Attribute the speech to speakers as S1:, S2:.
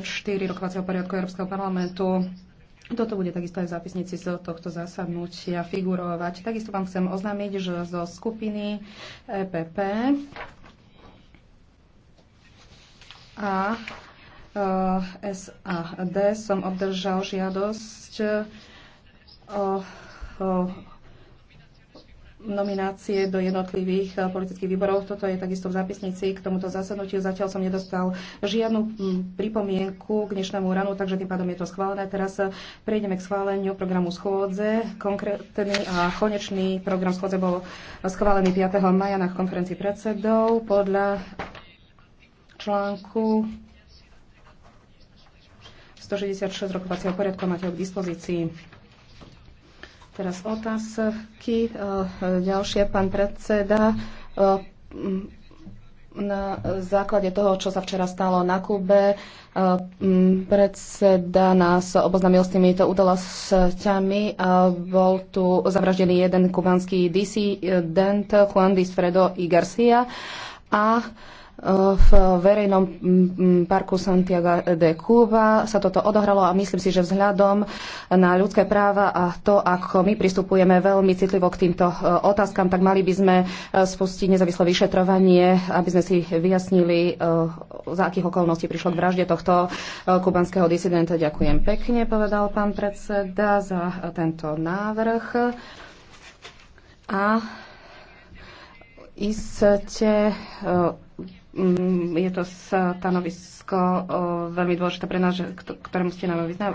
S1: 4 rokovacieho poriadku Európskeho parlamentu. Toto bude takisto aj v zápisnici z tohto zasadnutia figurovať. Takisto vám chcem oznámiť, že zo skupiny EPP a e, SAD som obdržal žiadosť o nominácie do jednotlivých eh, politických výborov. Toto je takisto v zápisnici k tomuto zasadnutiu. Zatiaľ som nedostal žiadnu hm, pripomienku k dnešnému ranu, takže tým pádom je to schválené. Teraz eh, prejdeme k schváleniu programu schôdze. Konkrétny a konečný program schôdze bol schválený 5. maja na konferencii predsedov podľa článku 166 rokovacieho poriadku máte k dispozícii. Teraz otázky. E, Ďalšia, pán predseda. E, na základe toho, čo sa včera stalo na Kube, e, predseda nás oboznámil s týmito udalosťami. Bol tu zavraždený jeden kubanský disident Juan Disfredo i Garcia a v verejnom mm, mm, parku Santiago de Cuba sa toto odohralo a myslím si, že vzhľadom na ľudské práva a to, ako my pristupujeme veľmi citlivo k týmto e, otázkam, tak mali by sme e, spustiť nezávislé vyšetrovanie, aby sme si vyjasnili, e, za akých okolností prišlo k vražde tohto kubanského disidenta. Ďakujem pekne, povedal pán predseda, za tento návrh. A iste eh, mm, je to stanovisko eh, veľmi dôležité pre nás, ktorému ste nám vyznali.